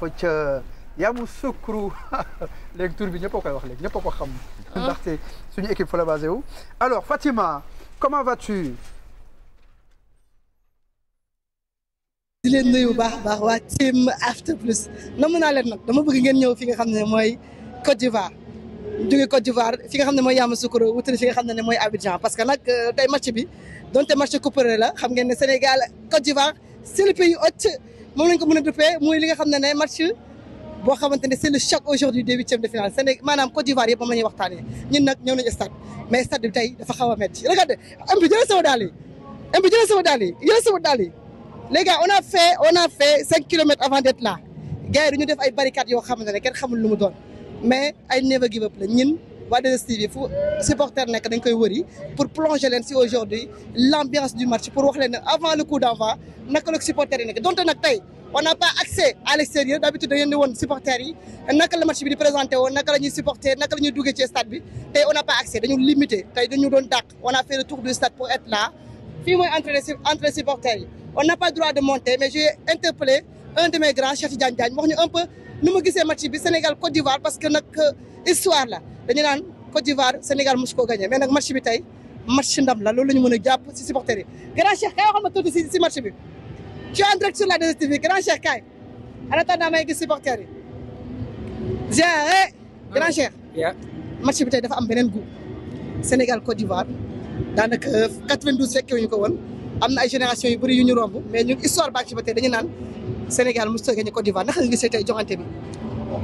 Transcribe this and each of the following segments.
foofu ca Yamoussoukro léegi tur bi ñëpp koy wax léegi ñëpp a ko xam. Ah. ndaxte suñu équipe fa la wu. alors Fatima comment vas-tu. di leen nuyu baax a baax waa team After Plus namm naa leen nag dama bëgg ngeen ñëw fi nga xam ne mooy Côte d'Ivoire jóge Côte d'Ivoire fi nga xam ne mooy Yamoussoukro wutali fi nga xam ne mooy Abidjan parce que nag euh, tey match bi donte match couperé la xam ngeen ne Sénégal Côte d'Ivoire c'est le pays moom lañ ko mën a duppee muy li nga xam ne ne match boo xamante ne c'est le choc aujourd'hui des huitièmes de finale Sénégal maanaam Côte d'Ivoire yëpp moom la ñuy nag ñëw nañu stade mais stade bi tey dafa xaw a metti regarde am bi jëlee sama daal yi am bi jëlee sama daal yi jëlee sama daal yi cinq kilomètres avant d'être là gars yi dañu def ay barricades yoo xamante ne kenn xamul lu mu doon mais ay never give up la waa 2STV fu supporter nekk dañ koy wëri pour plonger leen si aujourd'hui l'ambiance du match pour wax leen ne avant le coup d'envoi naka la ko supporter yi nekk donte nag tey on pas accès à l'extérieur d'habitude da ngeen di woon supporters yi naka la match bi di présenté woon n'a pas accès dañu limité tey dañu doon dàq on a fait le tour du stade pour être là fii mooy entre entre supporters yi on n'a pas droit de monter mais j'ai interpellé un de mes grands Cheikh Diagne Diagne wax un peu nu mu gisee match bi Sénégal Côte d'Ivoire parce que nag euh, histoire la dañu naan Côte d'Ivoire Sénégal mos koo gagné mais nag match bi tey marché ndam la loolu la ñu mën a jàpp si supporter yi grand cheikh kaay waxal ma tuuti si si bi ci en direct sur la 2STV may gis supporter yi géré grand cheikh match bi tey dafa am beneen goût Sénégal Côte d'Ivoire daanaka 92 fekke wu ñu ko woon am na ay génération yu bëri yu ñu romb mais ñun histoire bàcc ba tey dañu naan Sénégal mos a gagné Côte d'Ivoire naka nga gisee tey joxante bi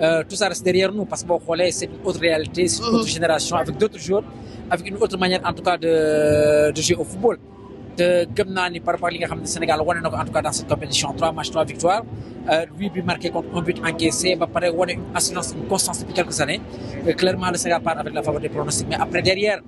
Euh, tout ça reste derrière nous parce que boo xoolee c'est une autre réalité c'est une mmh. autre génération avec d'autres joueurs avec une autre manière en tout cas de de au football te gëm naa ni par rapport ak li nga xam ne Sénégal wane na ko en tout cas dans cette compétition trois matchs trois victoires euh, huit buts marqués contre un but encaissé ba pare wane une constance depuis quelques années euh, clairement le Sénégal part avec la faveur des pronostics mais après derrière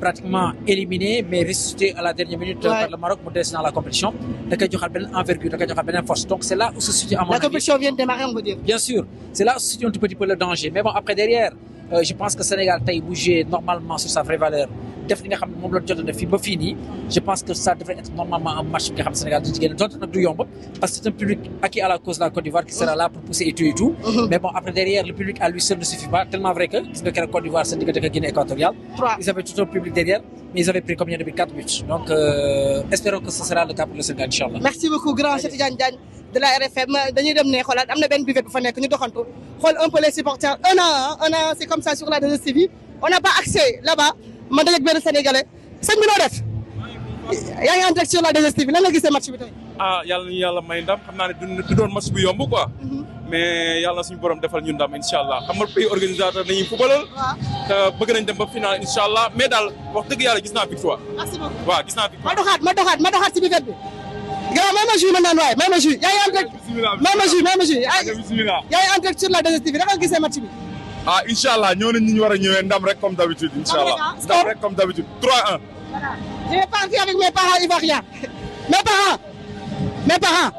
pratiquement hmm. éliminé mais ressuscité à la dernière minute euh, ouais. par le Maroc mu des dans la compétition da koy joxal beneen envergure da koy joxal beneen force donc c'est là où se situe à mon avis la compétition vient de démarrer on peut dire bien sûr c'est là où se situe un tout petit peu le danger mais bon après derrière euh, je pense que Sénégal tey bu jouer normalement sur sa vraie valeur def li nga xam ne moom la jot a def fii ba fii nii je pense que ça devrait être normalement un match bi nga xam Sénégal di ci génn donte nag du yomb parce que c'est un public acquis à la cause de la Côte d'Ivoire qui sera là pour pousser et tout et tout mhm. mais bon après derrière le public à lui seul ne suffit pas tellement vrai que gis nga keroog Côte d'Ivoire seen diggante ak Guinée équatoriale ils avaient tout un public derrière mais ils avaient pris combien de buts quatre buts donc euh, espérons que ce sera le cas pour le Sénégal incha allah merci beaucoup grand Cheikh Tidiane Diagne de la RFM dañuy dem ne xoolaat am na benn buvette bu fa nekk ñu doxantu xool un peu les supporters un à un un à un c'est comme ça sur la 2STV on n'a pas accès là-bas ma dajeeg benn sénégalais sëñ bi noo def yaa ngi en la 2STV lan nga gisee match bi tey. ah yàlla na yàlla may ndam xam naa ne du doon match bu yomb quoi. Mhm. mais yàlla na suñu borom defal ñu ndam incha allah xam nga pays organisateur nañuy footballal. te bëgg nañ dem ba final incha allah mais daal wax dëgg yàlla gis naa victoire. merci beaucoup waaw gis naa victoire. ma doxaat ma doxaat ma doxaat si biir bi. gannaaw may ma jus ma naan waaye may ma jus yaa ngi en direct. ma jus ma jus. bisimilah ah incha allah ñëw nañ ni ñu war a ñëwee ndam rek comme d' habitude. incha allah ndam rek ah, comme d' habitude 3-1. voilà je vais partir avec mes parents ivoiriens. mes parents. mes parents.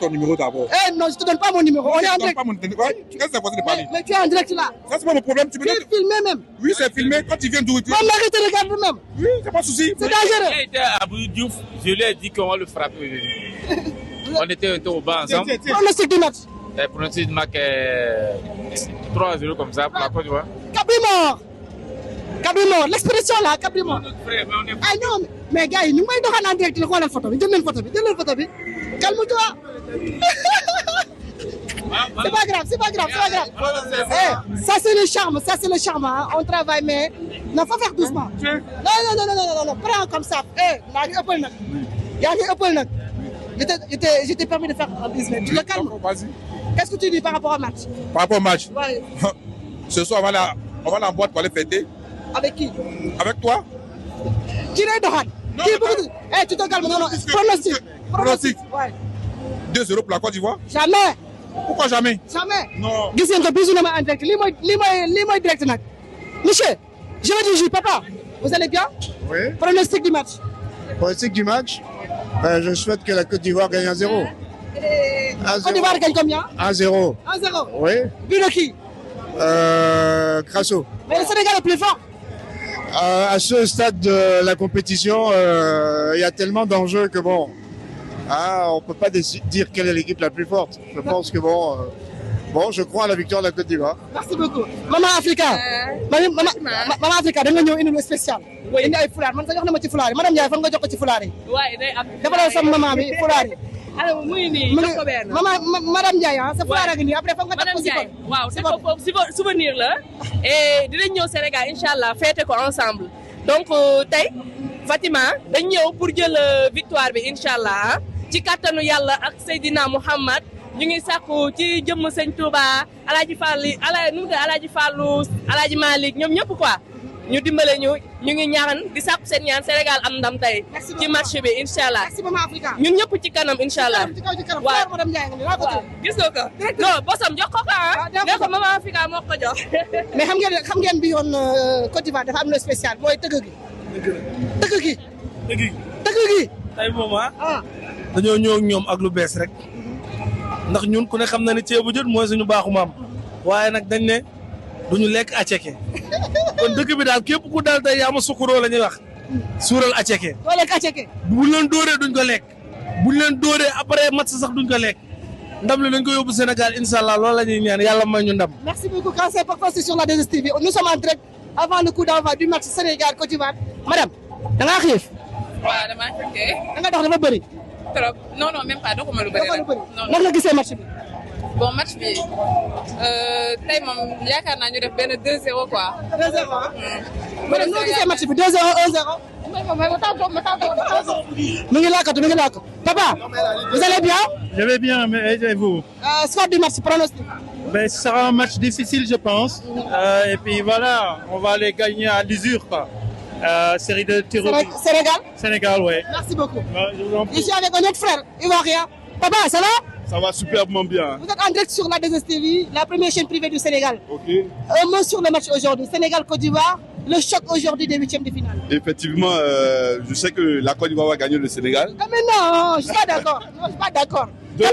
ton numéro d'abord. Eh non, je te donne pas mon numéro. Non, on est en direct. Pas mon... mais, eh, mais tu es en direct là. Ça c'est pas mon problème. Tu, tu es filmé même. Oui, c'est filmé. Quand tu viens d'où tu. Mon mari te regarde même. Oui, c'est pas souci. C'est dangereux. Il était à Abou Diouf. Je lui ai dit qu'on va le frapper. on était un peu au bas ensemble. Pronostic du match. Eh, Pronostic du match. Euh, 3-0 comme la Côte ah non mais gars yi ñu ngi may doxal en direct xoolal photo bi jël leen photo bi jël leen photo bi calme-toi. c'est pas grave c'est pas grave c'est pas grave. eh ça c'est le charme ça c'est le charme hein. on travaille mais non faut faire doucement. non non non non non non prends comme ça eh yaa ngi ëppal nag yaa ngi ëppal nag je t'ai je t'ai permis de faire un business tu le calmes. Qu'est-ce tu dis par au match Par au match Ce soir, on va, la, on va la boîte pour aller fêter. Avec qui Avec toi. Qui Dohan non, qui est beaucoup eh, tu te calmes, Pronostic. Pronostic. Ouais. 2 pour la Côte d'Ivoire Jamais. Pourquoi jamais Jamais. Non. Gis ngeen ko en direct lii mooy direct nag. monsieur je vous dis papa vous allez bien. pronostic du match. pronostic je souhaite que la Côte d'Ivoire gagne 1 À zéro. Côte d'Ivoire gagne combien À zéro. À zéro Oui. But de qui euh, Crasso. Mais le Sénégal est plus fort euh, À ce stade de la compétition, euh, il euh, y a tellement d'enjeux que bon, ah, on ne peut pas dire quelle est l'équipe la plus forte. Je pense que bon, euh, bon, je crois à la victoire de la Côte d'Ivoire. Merci beaucoup. Maman Africa. Euh, maman, Maman Africa, da nga ñëw indi lu spécial. indi ay fulaar man sax jox na ma ci fulaar yi madame Ndiaye fan nga jox ko ci fulaar yi. waaw day am. dafa doon sama maman bi fulaar yi. alors muy nii jox ko a ngi ah, après foog nga def ko waaw def ko foofu la et dinañ ñëw Sénégal incha allah féete ko ensemble donc euh, tey Fatima dañ ñëw pour jël euh, victoire bi incha allah ah. ci kattanu yàlla ak Seydina Mouhamad ñu ngi sàkku ci jëmm sëñ Touba alaaji Fall ala nu mu alaaji ñoom ñëpp quoi ñu dimbale ñu ñu ngi ñaan di sàkku seen ñaan Sénégal am ndam tey ci match bi incha allah ñun ñëpp ci kanam incha allah waaw waaw gis nga ko non bosam jox ko ko ah ne xam ngeen xam ngeen bi euh, am lu spécial mooy tëgg ah. Ah. dañoo ñëw ñoom ak lu bees rek ndax ñun ku ne xam na ne ceebu jën mooy suñu baaxu maam waaye nag dañu ne lekk aceke kon dëkk bi daal képp ku daal tey yaa ma sukuroo wax. suural aceke. doo lekk aceke. buñ leen duñ ko lekk. buñ leen dóoree après match sax duñ ko lekk. ndam li dañ ko yóbbu Sénégal incha allah loolu la ñuy ñaan yàlla may ndam. merci beaucoup quand c'est parfois sur la 2STV nous sommes en direct avant le coup d'envoi Sénégal Côte d'Ivoire madame da ngaa xiif. waaw damaa fekkee. da nga dox dafa bëri. trop non non match bi. bon match bi euh, tey moom yaakaar naa ñu def benn 2-0 quoi. 2-0 ma mu ngi laakatu mu papa vous allez bien. je vais bien mais et vous. Euh, score du match pronostic. mais sera un match difficile je pense. Euh, et puis voilà on va les gagner euh, de tirs Sénégal. Sénégal oui. merci je vous en prie. je avec un autre frère ivoirien. papa ça Ça va superbement bien. Vous êtes en direct sur la la première chaîne privée du Sénégal. OK. Un mot sur le match aujourd'hui, Sénégal-Côte d'Ivoire, le choc aujourd'hui des huitièmes de finale. Effectivement, euh, je sais que la Côte d'Ivoire va gagner le Sénégal. Ah mais non, je suis d'accord. non, je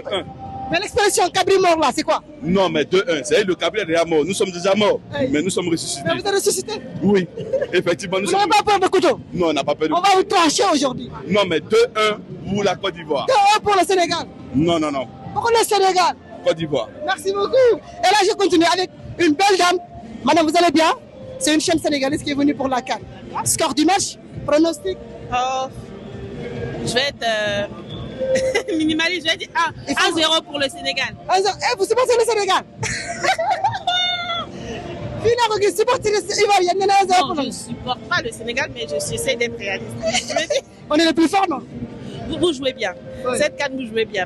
Mais l'expression cabri c'est quoi? Non, mais 2-1, c'est le Nous sommes ressuscités. Oui. Effectivement, nous sommes pas peur de couteau? Non, n'a pas peur de Non, mais Pour le Sénégal. Côte d'Ivoire. Merci beaucoup. Et là, je continue avec une belle dame. Madame, vous allez bien C'est une chaîne sénégalaise qui est venue pour la CAN. Score du match Pronostic oh, Je vais être euh, minimaliste. Je vais ah, pour le Sénégal. 1 eh, vous supportez le Sénégal Non, je pas le Sénégal, mais j'essaie d'être réaliste. On est le plus fort, non vous, jouez bien. Cette CAN, vous jouez bien,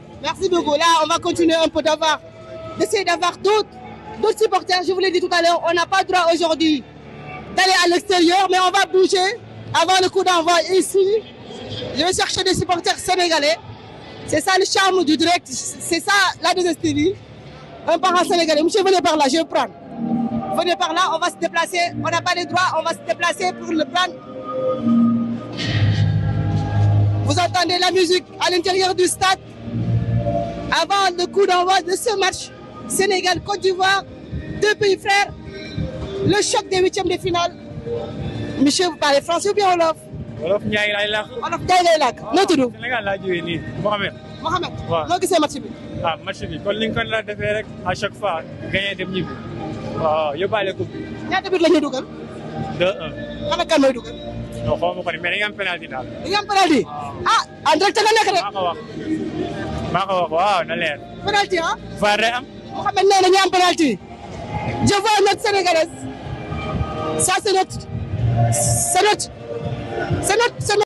Merci beaucoup. Là, on va continuer un peu d'avoir, d'essayer d'avoir d'autres, d'autres Je vous l'ai dit tout à l'heure, on n'a pas droit aujourd'hui d'aller à l'extérieur, mais on va bouger avant le coup d'envoi ici. Je vais chercher des supporters sénégalais. C'est ça le charme du direct, c'est ça la désestérie. Un parent sénégalais, monsieur, venez par là, on va se déplacer. pour le prendre. Vous entendez la musique à l'intérieur du stade. avant le coup d'envoi de ce match Sénégal-Côte d'Ivoire, deux pays frères, le choc des huitièmes de finale. Monsieur, vous parlez français ou bien wolof. wolof Ndiaye laay làkk. wolof Ndiaye laay làkk noo tudd. Sénégal laa jógee nii Mohamed. Mohamed waaw noo gisee match bi. ah match bi kon liñ ko la à chaque fois gagné dem ñibbi waaw yóbbaale coupe bi. ñaata but la ñuy dugal. 2-1. xanaa kan mooy dugal. non xaw ma ko ni mais dañu am penalty daal. dañu am penalty ah en direct nga nekk rek. maa ko wax waaw na leer. penalty ah. VAR day am. Mouhamed nee na ñu am penalty. je vois notre sénégalaise ça c'est notre c'est notre c'est notre